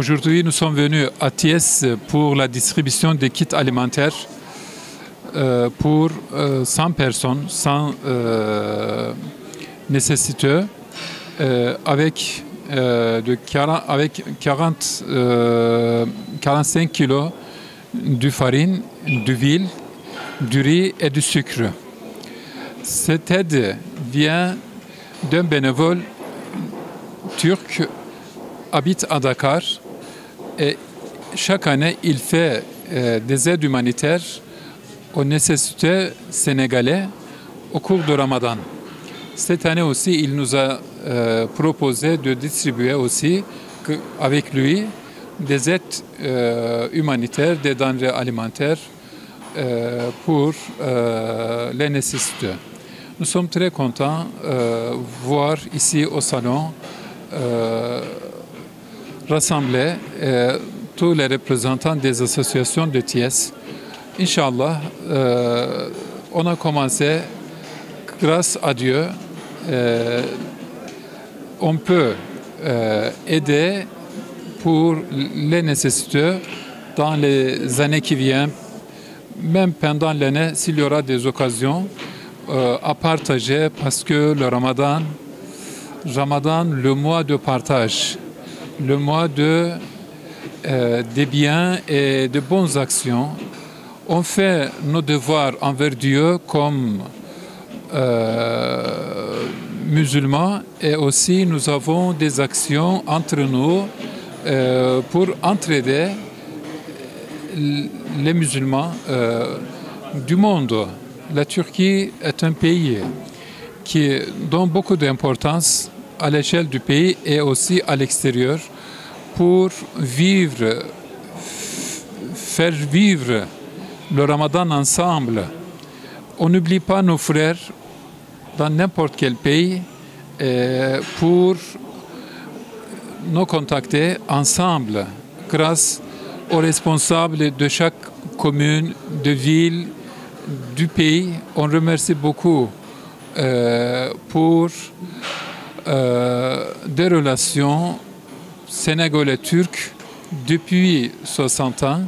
Aujourd'hui, nous sommes venus à Thiès pour la distribution des kits alimentaires euh, pour 100 euh, personnes, 100 euh, euh, avec, 45 kg de farine, d'huile, du riz et du sucre. Cette aide vient d'un bénévole turc habite à Dakar chaque année, il fait euh, des aides humanitaires aux nécessités sénégalais au cours du Ramadan. Cette année aussi, il nous a euh, proposé de distribuer aussi, avec lui, des aides euh, humanitaires, des denrées alimentaires pour les nécessités. Nous sommes très contents de voir ici au salon rassembler euh, tous les représentants des associations de Ties, Inch'Allah, euh, on a commencé, grâce à Dieu, euh, on peut euh, aider pour les nécessiteux dans les années qui viennent, même pendant l'année, s'il y aura des occasions euh, à partager, parce que le Ramadan, Ramadan, le mois de partage, le mois de, euh, des biens et de bonnes actions. On fait nos devoirs envers Dieu comme euh, musulmans et aussi nous avons des actions entre nous euh, pour entraider les musulmans du monde. La Turquie est un pays qui donne beaucoup d'importance à l'échelle du pays et aussi à l'extérieur pour vivre, faire vivre le ramadan ensemble. On n'oublie pas nos frères dans n'importe quel pays euh, pour nous contacter ensemble grâce aux responsables de chaque commune, de ville, du pays. On remercie beaucoup euh, pour euh, des relations sénégalais-turques depuis 60 ans,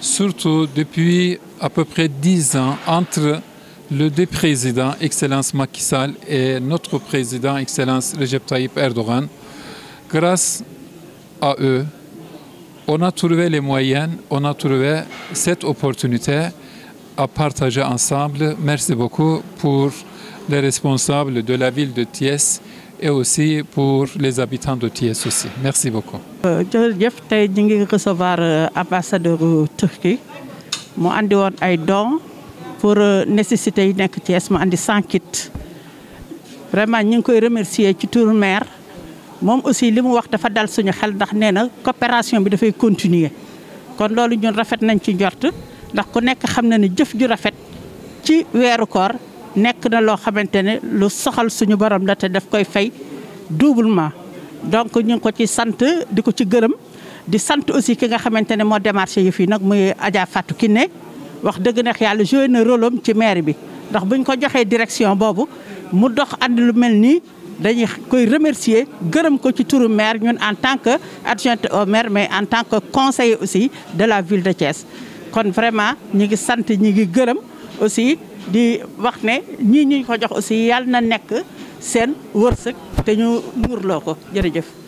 surtout depuis à peu près 10 ans entre le deux présidents, Excellence Macky Sall, et notre président, Excellence Recep Tayyip Erdogan. Grâce à eux, on a trouvé les moyens, on a trouvé cette opportunité à partager ensemble. Merci beaucoup pour les responsables de la ville de Thiès et aussi pour les habitants de Thiès aussi. Merci beaucoup. Euh, jërëjëf tey ñu ngi recevoir euh, ambassadeur Turquie mu andi woon ay dons pour euh, nécessité yi Thiès mu andi 100 kits vraiment ñu ngi koy remercier ci turu maire moom aussi li mu wax dafa dal suñu xel ndax nee coopération bi dafay continuer kon loolu ñun rafet nañ ci njort ndax ku nekk xam na ne jëf ju rafet ci weeru koor. nekk na loo xamante ne lu soxal suñu borom la te daf koy fay doublement donc ñu ngi ko ci sant di ko ci gërëm di sant aussi ki nga xamante ne moo démarché yëf fii nag muy Adja ki Kiné wax dëgg neex yàlla joué na rôle ci maire bi ndax buñ ko joxee direction boobu mu dox ànd lu mel nii dañuy koy remercier gërëm ko ci turu maire ñun en tant que adjointe au maire mais en tant que conseiller aussi de la ville de Thiès kon vraiment ñi ngi sant ñi ngi gërëm aussi di wax ne ñii ñu ko jox aussi yàlla na nekk seen wërsëg te ñu muurloo ko jërëjëf.